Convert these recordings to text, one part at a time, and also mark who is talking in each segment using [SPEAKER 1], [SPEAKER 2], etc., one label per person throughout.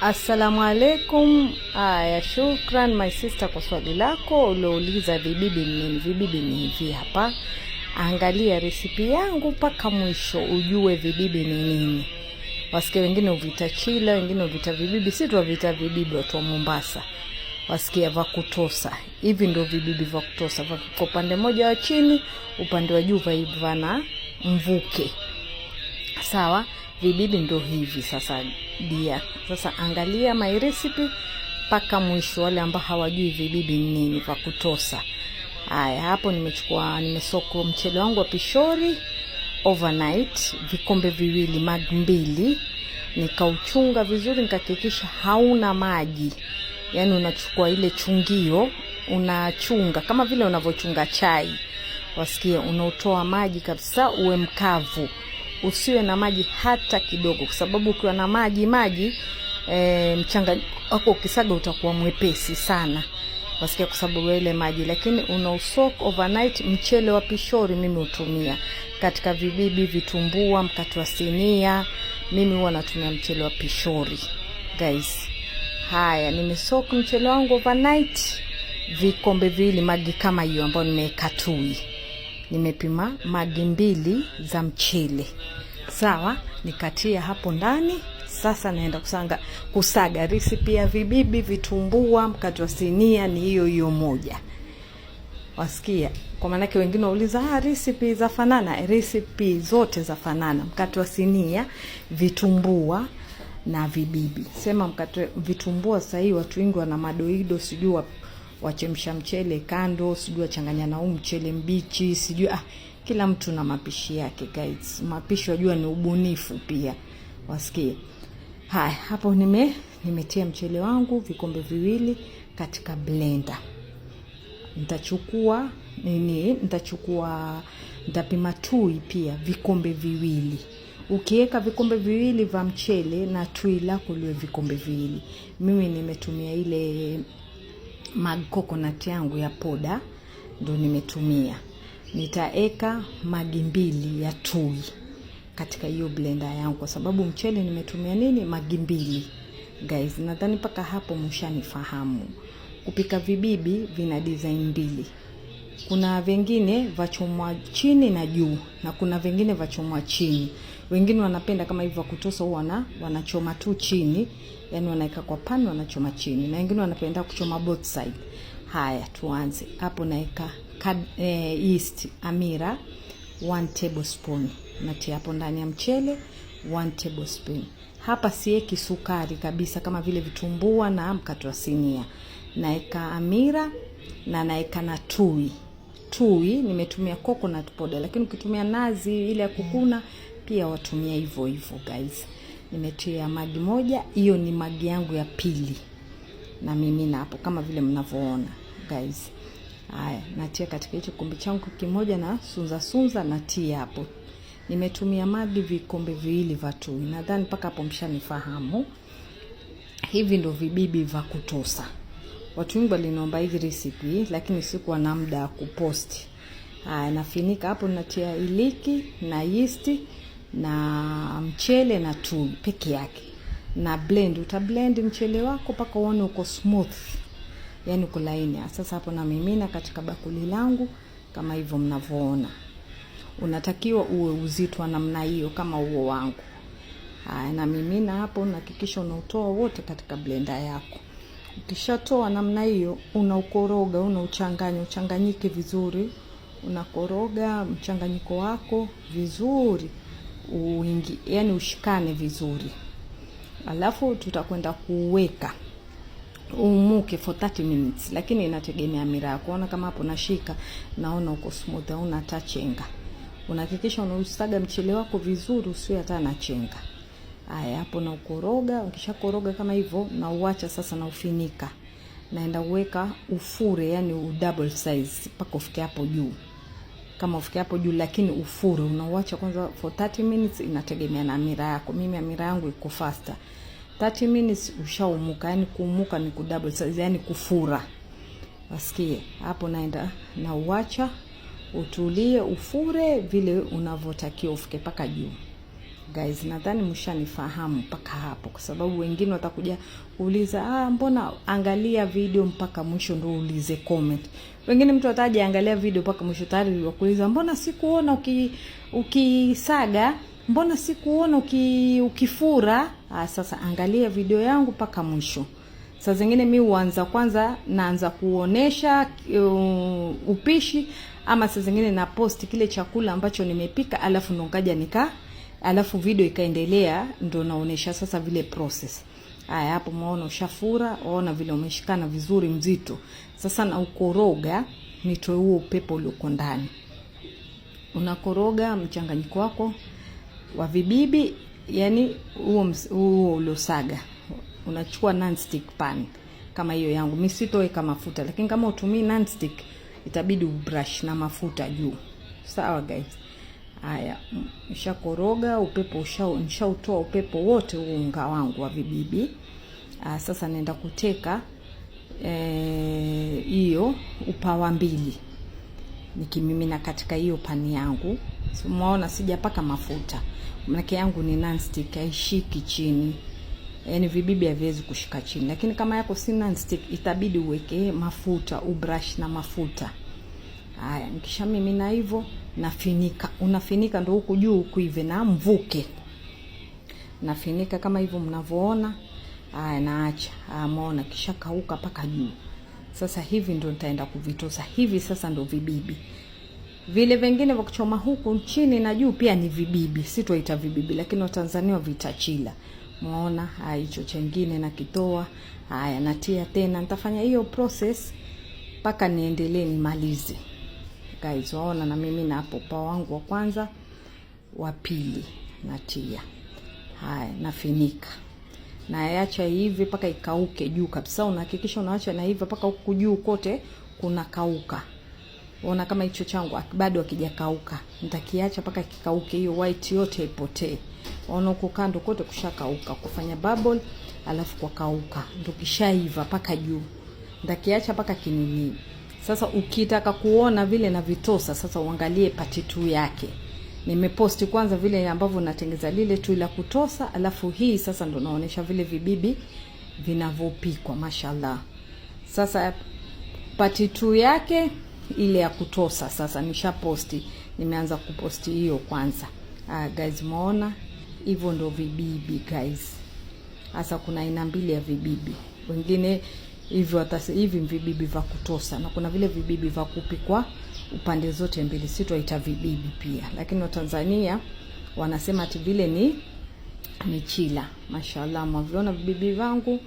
[SPEAKER 1] Assalamu alaikum. Aya, shukran my sister kwa swali lako uliouliza vibibi ni nini. Vibibi ni hivi hapa, angalia resipi yangu mpaka mwisho ujue vibibi ni nini. Wasikia wengine uvita chila, wengine uvita vibibi, si tuwavita vibibi watu wa Mombasa wasikia vya kutosa. Hivi ndio vibibi vya kutosa, kwa upande mmoja wa chini, upande wa juu vaivana mvuke, sawa vibibi ndo hivi sasa dia. Sasa angalia my recipe mpaka mwisho, wale ambao hawajui vibibi nini vya kutosa. Haya, hapo nimechukua nimesoko mchele wangu wa pishori overnight, vikombe viwili mag mbili, nikauchunga vizuri, nikahakikisha hauna maji. Yani unachukua ile chungio unachunga kama vile unavyochunga chai, wasikie unaotoa maji kabisa, uwe mkavu usiwe na maji hata kidogo, kwa sababu ukiwa na maji maji e, mchanga wako ukisaga utakuwa mwepesi sana wasikia kwa sababu ile maji. Lakini una soak overnight mchele wa pishori, mimi hutumia katika vibibi, vitumbua, mkate wa sinia. Mimi huwa natumia mchele wa pishori guys. Haya, nimesoak mchele wangu overnight vikombe viwili magi kama hiyo ambayo nimeweka tui nimepima magi mbili za mchele sawa, nikatia hapo ndani. Sasa naenda kusanga kusaga. Risipi ya vibibi vitumbua mkate wa sinia ni hiyo hiyo moja, wasikia? Kwa maanake wengine wauliza ah, risipi za fanana. Risipi zote za fanana, mkate wa sinia, vitumbua na vibibi. Sema mkate vitumbua, sahii watu wengi wana madoido sijui wachemsha mchele kando, sijui wachanganya na huu mchele mbichi, sijui ah, kila mtu na mapishi yake guys. Mapishi wajua ni ubunifu pia, wasikie haya. Hapo nime nimetia mchele wangu vikombe viwili katika blender. Nitachukua nini? Nitachukua, nitapima tui pia vikombe viwili Ukiweka vikombe viwili vya mchele na tui lako liwe vikombe viwili. Mimi nimetumia ile mag coconut yangu ya poda ndo nimetumia. Nitaeka magi mbili ya tui katika hiyo blenda yangu, kwa sababu mchele nimetumia nini, magi mbili. Guys, nadhani mpaka hapo mshanifahamu. Kupika vibibi vina design mbili, kuna vingine vachomwa chini na juu na kuna vingine vachomwa chini wengine wanapenda kama hivyo kutosa, huwa wana wanachoma tu chini, yani wanaika kwa pan wanachoma chini, na wengine wanapenda kuchoma both side. Haya, tuanze hapo. Naika eh, east amira 1 tablespoon natia hapo ndani ya mchele 1 tablespoon. Hapa sieki sukari kabisa, kama vile vitumbua na mkate wa sinia Naeka amira na naeka na tui tui. Nimetumia coconut powder, lakini ukitumia nazi ile ya kukuna mm pia watumia hivyo hivyo guys. Nimetia magi moja, hiyo ni magi yangu ya pili na mimi na hapo, kama vile mnavyoona guys. Haya, natia katika hicho kikombe changu kimoja na sunza sunza, natia hapo. Nimetumia magi vikombe viwili vya tui, nadhani mpaka hapo mshanifahamu. Hivi ndo vibibi vya kutosa. Watu wengi waliniomba hivi recipe, lakini sikuwa na muda wa kuposti. Haya, nafinika hapo, natia iliki na yeast na mchele na tui peke yake na blend. Uta blend mchele wako mpaka uone uko smooth, yani uko laini. Sasa hapo namimina katika bakuli langu kama hivyo mnavyoona. Unatakiwa uwe uzito wa namna hiyo kama huo wangu. Haya, namimina hapo, unahakikisha unautoa wote katika blender yako. Ukishatoa namna hiyo, unaukoroga unauchanganya, uchanganyike vizuri, unakoroga mchanganyiko wako vizuri uingi, yani ushikane vizuri, alafu tutakwenda kuweka umuke for 30 minutes, lakini inategemea mira yako. Ona kama hapo nashika, naona uko smooth, hauna hata chenga. Unahakikisha unausaga mchele wako vizuri, usio hata na chenga. Haya, hapo na ukoroga. Ukishakoroga kama hivyo, na uacha sasa, na ufinika, naenda uweka ufure, yani u double size mpaka ufike hapo juu kama ufike hapo juu, lakini ufure unauacha kwanza for 30 minutes, inategemea na amira yako. Mimi amira yangu iko faster 30 minutes ushaumuka, yani kuumuka ni kudouble size, yani kufura. Wasikie hapo, naenda na uacha utulie, ufure vile unavyotakiwa ufike mpaka juu guys, nadhani mshanifahamu mpaka hapo, kwa sababu wengine watakuja kuuliza ah, mbona angalia video mpaka mwisho ndio uulize comment. Wengine mtu ataja angalia video mpaka mwisho tayari wakuuliza mbona sikuona uki ukisaga, mbona sikuona uki, ukifura. Ah, sasa angalia video yangu mpaka mwisho. Saa zingine mi huanza kwanza, naanza kuonesha uh, upishi ama saa zingine na post kile chakula ambacho nimepika, alafu nongaja nika alafu video ikaendelea, ndo naonesha sasa vile process. Haya, hapo mwaona ushafura, waona vile umeshikana vizuri mzito. Sasa na ukoroga, nitoe huo upepo ulioko ndani. Unakoroga mchanganyiko wako wa vibibi, yani huo huo uliosaga, unachukua nonstick pan kama hiyo yangu. Mimi sitoweka mafuta, lakini kama utumii nonstick itabidi ubrush na mafuta juu. Sawa guys. Haya, mm, nishakoroga upepo usha, nishautoa upepo wote huu unga wangu wa vibibi. Aa, ah, sasa naenda kuteka eh, hiyo e, upawa mbili nikimimina katika hiyo pani yangu. Mwaona sijapaka mafuta, manake yangu ni nonstick, haishiki chini yaani vibibi haviwezi kushika chini, lakini kama yako si nonstick itabidi uweke mafuta, ubrush na mafuta. Haya, nikishamimina hivyo nafinika. Unafinika ndo huku juu huku hivi na mvuke, nafinika kama hivyo mnavyoona. Haya, naacha ameona, kisha kauka mpaka juu. Sasa hivi ndo nitaenda kuvitosa hivi. Sasa ndo vibibi vile vingine vya kuchoma huku chini na juu pia ni vibibi, si tuaita vibibi, lakini Watanzania waviita chila. Muona hicho chengine nakitoa. Haya, natia tena, nitafanya hiyo process mpaka niendelee nimalize mtakazoona, na mimi na hapo pa wangu wa kwanza, wa pili natia haya, nafinika naacha hivi mpaka ikauke juu kabisa. Unahakikisha unaacha na hivi mpaka huku juu kote kuna kauka. Ona kama hicho changu bado hakijakauka, nitakiacha mpaka kikauke, hiyo white yote ipotee. Ona huko kando kote kushakauka, kufanya bubble alafu kwa kauka, ndio kishaiva mpaka juu, nitakiacha mpaka kinini sasa ukitaka kuona vile na vitosa, sasa uangalie pati tu yake. Nimeposti kwanza vile ambavyo natengeza lile tu la kutosa, alafu hii sasa ndo naonesha vile vibibi vinavyopikwa mashallah. Sasa pati tu yake ile ya kutosa sasa nisha posti nimeanza kuposti hiyo kwanza. Ah, guys muona hivyo ndo vibibi guys. Sasa kuna aina mbili ya vibibi, wengine hivyo atasi, hivi vibibi vya kutosa na kuna vile vibibi vya kupikwa upande zote mbili, si twaita vibibi pia, lakini Watanzania wanasema ati vile ni michila. Mashallah, mwaviona vibibi vangu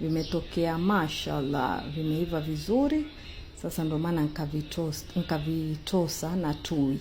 [SPEAKER 1] vimetokea, mashallah, vimeiva vizuri. Sasa ndio maana nkavitosa, nkavitosa na tui